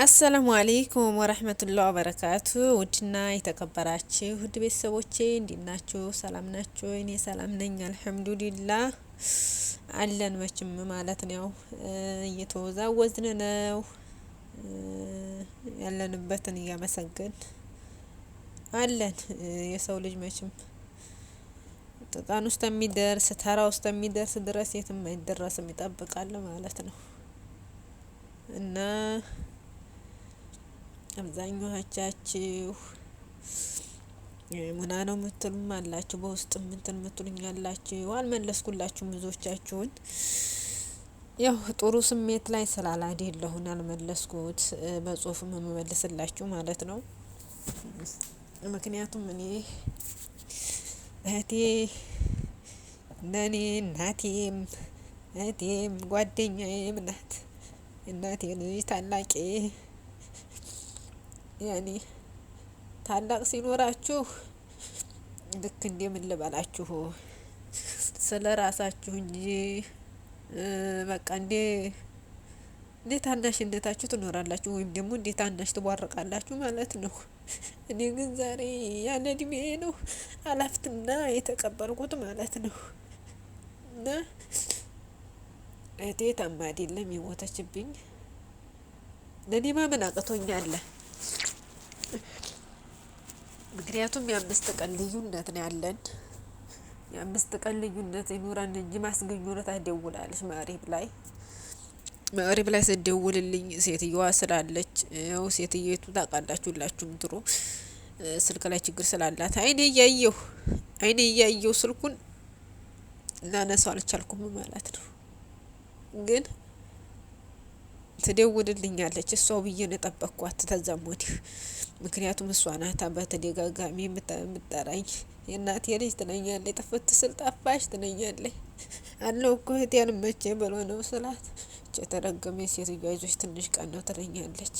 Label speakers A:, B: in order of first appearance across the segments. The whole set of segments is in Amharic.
A: አሰላሙ አሌይኩም ወረህመቱላህ ወበረካቱ። ውድና የተከበራችሁ ውድ ቤተሰቦቼ እንዴት ናችሁ? ሰላም ናችሁ? እኔ ሰላም ነኝ አልሐምዱሊላህ። አለን መችም ማለት ነው። እየተወዛወዝን ነው ያለንበትን እያመሰገን አለን። የሰው ልጅ መችም ጥቃን ውስጥ የሚደርስ ተራ ውስጥ የሚደርስ ድረስ የትም አይደረስም ይጠብቃል ማለት ነው እና አብዛኞቻችሁ ምና ነው የምትሉም አላችሁ፣ በውስጥ ምንትን የምትሉኝ አላችሁ። አልመለስኩላችሁም ብዙዎቻችሁን። ያው ጥሩ ስሜት ላይ ስላላደለሁን አልመለስኩት። በጽሁፍም የምመልስላችሁ ማለት ነው። ምክንያቱም እኔ እህቴ ለእኔ እናቴም እህቴም ጓደኛዬም ናት። እናቴ ልጅ ታላቄ ያኔ ታላቅ ሲኖራችሁ ልክ እንዴ ምን ልበላችሁ ስለ ራሳችሁ እንጂ በቃ እንዴ እንዴ ታናሽነታችሁ ትኖራላችሁ ወይም ደግሞ እንዴ ታናሽ ትቧርቃላችሁ ማለት ነው። እኔ ግን ዛሬ ያለ እድሜ ነው አላፍትና የተቀበልኩት ማለት ነው። እና እቴ ታማ አይደለም የሞተችብኝ ለእኔ ማመን አቅቶኛል። ምክንያቱም የአምስት ቀን ልዩነት ነው ያለን። የአምስት ቀን ልዩነት ይኑረን እንጂ ማስገኙነት አደውላለች መሪብ ላይ መሪብ ላይ ስደውልልኝ ሴትዮዋ ስላለች ው ሴትዮቱ ታውቃላችሁ ሁላችሁም ስልክ ላይ ችግር ስላላት አይኔ እያየሁ አይኔ እያየሁ ስልኩን ላነሳው አልቻልኩም ማለት ነው ግን ትደውልልኛለች እሷ ብዬ ነው የጠበቅኳት። ተዛም ወዲህ ምክንያቱም እሷ ናታ በተደጋጋሚ የምጠራኝ የእናቴ ልጅ ትለኛለች። ጥፍት ስል ጠፋሽ ትለኛለች። አለው እኮ እህቴን መቼ ብሎ ነው ስላት የተረገመ ሴትዮዋ ይዞች ትንሽ ቀን ነው ትለኛለች።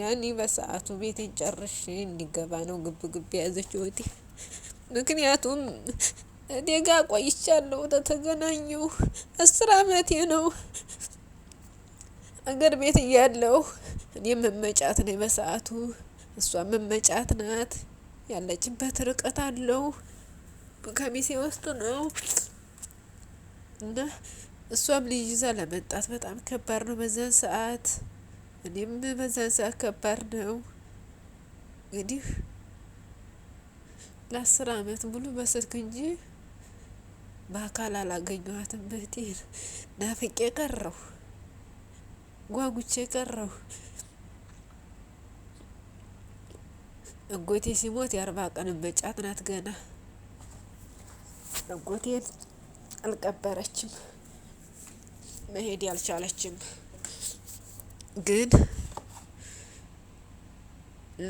A: ያኔ በሰዓቱ ቤቴን ጨርሼ እንዲገባ ነው ግብ ግብ የያዘች ወቴ ምክንያቱም እኔ ጋ ቆይቻለሁ። ተተገናኘው አስር አመቴ ነው። አገር ቤት እያለው እኔ መመጫት ነኝ በሰዓቱ፣ እሷ መመጫት ናት። ያለችበት ርቀት አለው ከሚሴ ውስጥ ነው እና እሷም ልጅ ይዛ ለመጣት በጣም ከባድ ነው በዛን ሰዓት። እኔም በዛን ሰዓት ከባድ ነው እንግዲህ ለአስር አመት ሙሉ በስልክ እንጂ በአካል አላገኘኋትም። እህቴን ናፍቄ ቀረሁ። ጓጉቼ ቀረሁ። እጎቴ ሲሞት የአርባ ቀን በጫት ናት ገና። እጎቴን አልቀበረችም፣ መሄድ ያልቻለችም ግን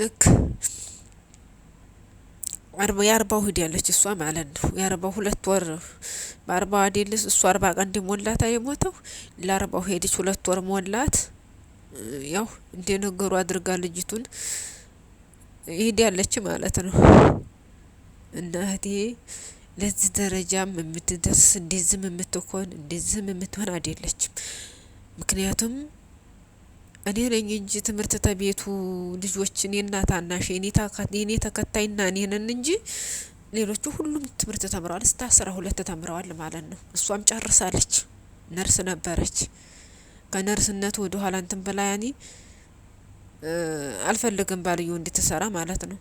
A: ልክ የአርባው ሂድ ያለች እሷ ማለት ነው የአርባው ሁለት ወር በአርባ አዴልስ እሱ አርባ ቀን እንዲሞላታ አይሞተው ለአርባው ሄደች፣ ሁለት ወር ሞላት። ያው እንደነገሩ አድርጋ ልጅቱን ያለች ማለት ነው። እና እህቴ ለዚህ ደረጃም የምትደርስ እንደዚህም የምትኮን እንደዚህም የምትሆን አይደለችም። ምክንያቱም እኔ ነኝ እንጂ ትምህርት ተቤቱ ልጆች እኔና ታናሽ እኔ ተከታይና እኔ እንጂ ሌሎቹ ሁሉም ትምህርት ተምረዋል። እስከ አስራ ሁለት ተምረዋል ማለት ነው። እሷም ጨርሳለች። ነርስ ነበረች። ከነርስነት ወደ ኋላ እንትን ብላ ያኔ አልፈልግም ባልዩ እንድትሰራ ማለት ነው።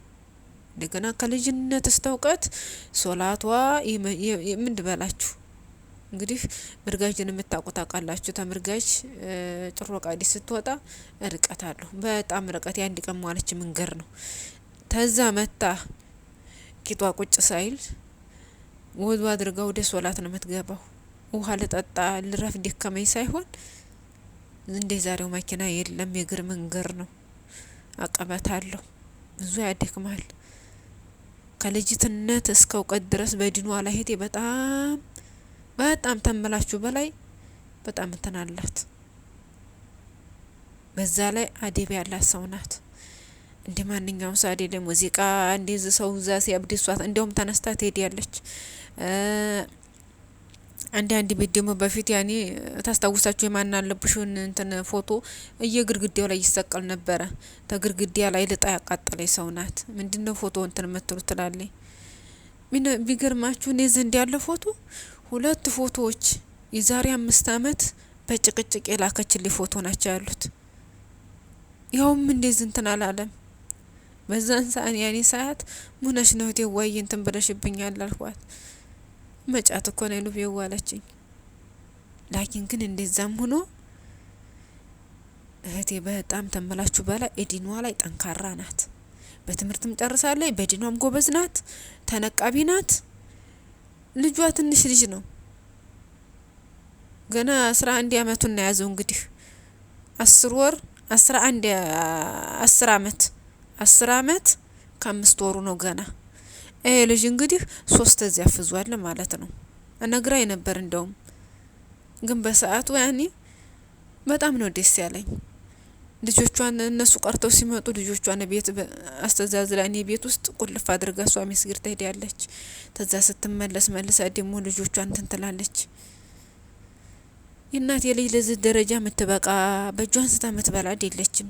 A: እንደገና ከልጅነት እስተ እውቀት ሶላቷ ምን በላችሁ እንግዲህ ምርጋጅን የምታውቁ ታውቃላችሁ። ተምርጋጅ ጭሮ ቃዲ ስትወጣ ርቀት አለሁ በጣም ርቀት የአንድ ቀን ማለች መንገድ ነው። ተዛ መታ ኪቷ ቁጭ ሳይል ወዱ አድርጋ ወደ ሶላት ነው የምትገባው። ውሃ ልጠጣ ልረፍ ደከመኝ ሳይሆን እንደ ዛሬው መኪና የለም፣ የእግር መንገድ ነው፣ አቀበት አለው፣ ብዙ ያደክማል። ከልጅትነት እስከ እውቀት ድረስ በድኗ ላሄቴ በጣም በጣም ተመላችሁ በላይ በጣም እንትን አላት። በዛ ላይ አደብ ያላት ሰው ናት። እንደ ማንኛውም ሰው አይደለም። ሙዚቃ እንደዚ ሰው እዛ ሲያብድ ሷት እንደውም ተነስታ ትሄዳለች። አንዳንድ ቤት ደግሞ በፊት ያኔ ታስታውሳችሁ የማን እንትን ፎቶ እየግድግዳው ላይ ይሰቀል ነበረ። ተግድግዳ ላይ ልጣ ያቃጠለች ሰው ናት። ምንድነው ፎቶ እንትን የምትሉ ትላለች። ቢገርማችሁ እኔ ዘንድ ያለ ፎቶ ሁለት ፎቶዎች የዛሬ አምስት አመት በጭቅጭቅ የላከችልኝ ፎቶ ናቸው ያሉት። ያውም እንዴ ዝንትን አላለም። በዛን ሰአን ያኔ ሰዓት ሙነሽ ነው እህቴ ወይ እንትን ብለሽብኛል አልኳት። መጫት እኮ ነው ሉብ የዋለችኝ። ላኪን ግን እንደዛም ሆኖ እህቴ በጣም ተመላችሁ በላይ ኤዲኗ ላይ ጠንካራ ናት። በትምህርትም ጨርሳለች፣ በዲኗም ጎበዝ ናት፣ ተነቃቢ ናት። ልጇ ትንሽ ልጅ ነው ገና አስራ አንድ አመቱን ነው ያዘው እንግዲህ አስር ወር አስራ አንድ አስር አመት አስር አመት ከአምስት ወሩ ነው ገና። ይህ ልጅ እንግዲህ ሶስት እዚያ ፍዟል ማለት ነው። ነግራኝ ነበር እንደውም ግን በሰዓቱ ያኔ በጣም ነው ደስ ያለኝ። ልጆቿን እነሱ ቀርተው ሲመጡ ልጆቿን ቤት አስተዛዝላ እኔ ቤት ውስጥ ቁልፍ አድርጋ እሷ ሚስግር ትሄዳለች። ተዛ ስትመለስ መልሳ ደግሞ ልጆቿን ትንትላለች። ትላለች። የእናት የልጅ ለዚህ ደረጃ የምትበቃ በእጇ አንስታ የምትበላ አይደለችም።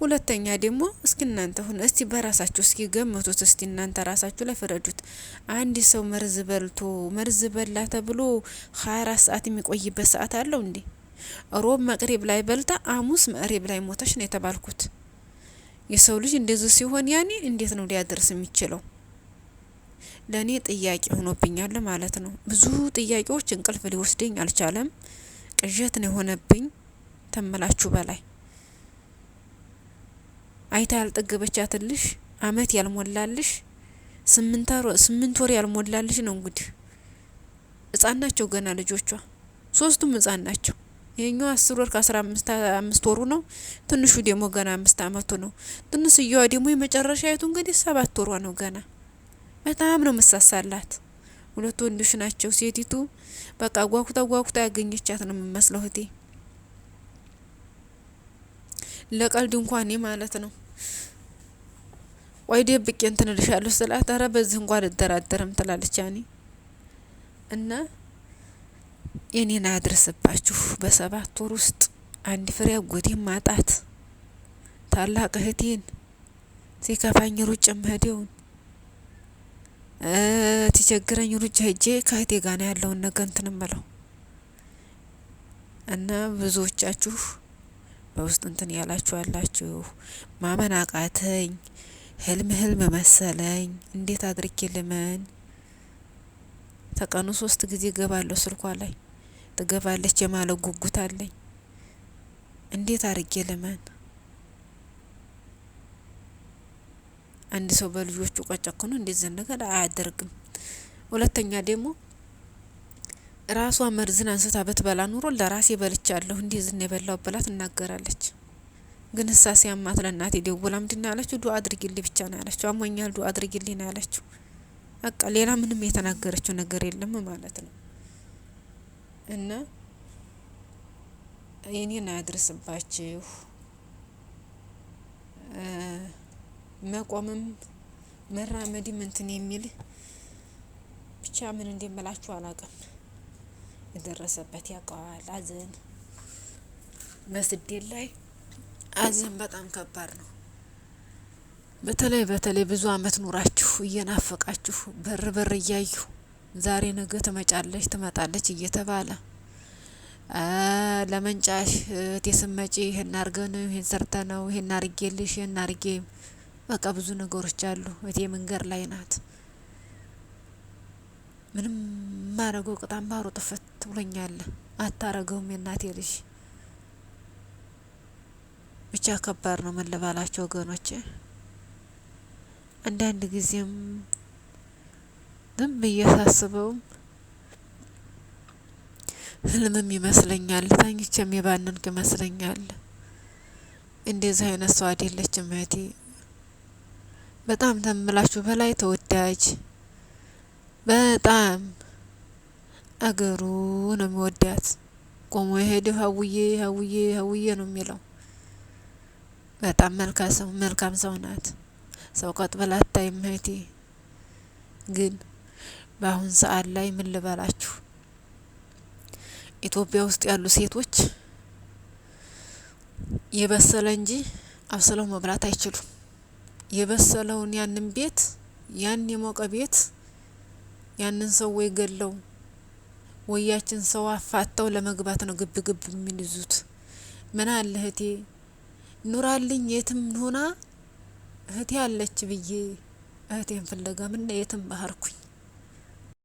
A: ሁለተኛ ደግሞ እስኪ እናንተ ሁን እስቲ በራሳችሁ እስኪ ገምቱት። እስቲ እናንተ ራሳችሁ ላይ ፍረዱት። አንድ ሰው መርዝ በልቶ መርዝ በላ ተብሎ ሀያ አራት ሰዓት የሚቆይበት ሰዓት አለው እንዴ? ሮብ መቅሪብ ላይ በልታ አሙስ መቅሪብ ላይ ሞተች ነው የተባልኩት። የሰው ልጅ እንደዚህ ሲሆን ያኔ እንዴት ነው ሊያደርስ የሚችለው? ለእኔ ጥያቄ ሆኖብኛል ማለት ነው። ብዙ ጥያቄዎች እንቅልፍ ሊወስደኝ አልቻለም። ቅዠት ነው የሆነብኝ ተመላችሁ በላይ አይታ ያልጠገበቻትልሽ አመት ያልሞላልሽ ስምንት ወር ያልሞላልሽ ነው እንግዲህ ህጻን ናቸው ገና ልጆቿ ሶስቱም ህጻን ናቸው። ይህኛው አስር ወር ከአስራ አምስት አምስት ወሩ ነው። ትንሹ ደግሞ ገና አምስት አመቱ ነው። ትንሽየዋ ደግሞ የመጨረሻ የቱ እንግዲህ ሰባት ወሯ ነው ገና። በጣም ነው መሳሳላት። ሁለቱ ወንዶች ናቸው። ሴቲቱ በቃ ጓኩታ ጓኩታ ያገኘቻት ነው የምመስለው እህቴ ለቀልድ እንኳን ማለት ነው። ቆይ ደብቄ እንትን እልሻለሁ ስላት ኧረ በዚህ እንኳን አልደራደርም ትላለች ያኔ እና የኔን አድርስባችሁ በሰባት ወር ውስጥ አንድ ፍሬ አጎቴን ማጣት፣ ታላቅ እህቴን ሲከፋኝ ሩጭ መሄዴውን ሲቸግረኝ ሩጭ ሄጄ ከእህቴ ጋር ነው ያለውን ነገር እንትን እምለው እና ብዙዎቻችሁ በውስጥ እንትን ያላችሁ ያላችሁ ማመን አቃተኝ ህልም ህልም መሰለኝ። እንዴት አድርጌ ልመን? ተቀኑ ሶስት ጊዜ ገባለሁ ስልኳ ላይ ትገባለች የማለት ጉጉት አለኝ። እንዴት አድርጌ ልመን? አንድ ሰው በልጆቹ ቀጨክኖ እንደዚህ ነገር አያደርግም። ሁለተኛ ደግሞ ራሷ መርዝን አንስታ ብትበላ ኑሮ ለራሴ በልቻለሁ እንደዚህ ነው የበላው ብላ ትናገራለች። ግን እሳ ሲያማት ለእናቴ ደውላ ምንድን ያለችው ዱ አድርጊልኝ ብቻ ነው ያለችው። አሞኛል ዱ አድርጊልኝ ነው ያለችው። በቃ ሌላ ምንም የተናገረችው ነገር የለም ማለት ነው። እና የኔን አያድርስባችሁ መቆምም መራመድም እንትን የሚል ብቻ ምን እንደምላችሁ አላውቅም። የደረሰበት ያውቀዋል። አዘን በስደት ላይ አዘን በጣም ከባድ ነው። በተለይ በተለይ ብዙ አመት ኑራችሁ እየናፈቃችሁ በር በር እያዩ ዛሬ ነገ ትመጫለች ትመጣለች እየተባለ ለመንጫሽ እህቴ ስመጪ ይሄን አርገ ነው ይሄን ሰርተ ነው ይሄን አርጌልሽ ይሄን አርጌ በቃ ብዙ ነገሮች አሉ። እቴ መንገድ ላይ ናት። ምንም ማረገው ቅጣም ባሮ ጥፈት ብሎኛለ። አታረገውም የናቴ ልሽ ብቻ ከባድ ነው። መለባላቸው ወገኖች፣ አንዳንድ ጊዜም ዝም ብዬ ሳስበውም ህልምም ይመስለኛል፣ ተኝቼም የባነንኩ ይመስለኛል። እንደዚህ አይነት ሰው አይደለችም እህቴ። በጣም ተምላችሁ በላይ ተወዳጅ በጣም አገሩ ነው የሚወዳት። ቆሞ የሄደው ሀውዬ ሀውዬ ሀውዬ ነው የሚለው። በጣም መልካም ሰው ናት። ሰው ቀጥ ብላ አታይም እህቴ። ግን በአሁን ሰዓት ላይ ምን ልበላችሁ ኢትዮጵያ ውስጥ ያሉ ሴቶች የበሰለ እንጂ አብስለው መብላት አይችሉም። የበሰለውን ያንን ቤት ያን የሞቀ ቤት ያንን ሰው ወይ ገለው ወያችን ሰው አፋተው ለመግባት ነው ግብ ግብ የሚልዙት። ምን አለ እህቴ ኑራልኝ የትም ሆና እህቴ አለች ብዬ እህቴን ፍለጋ ምን የትም ባህርኩኝ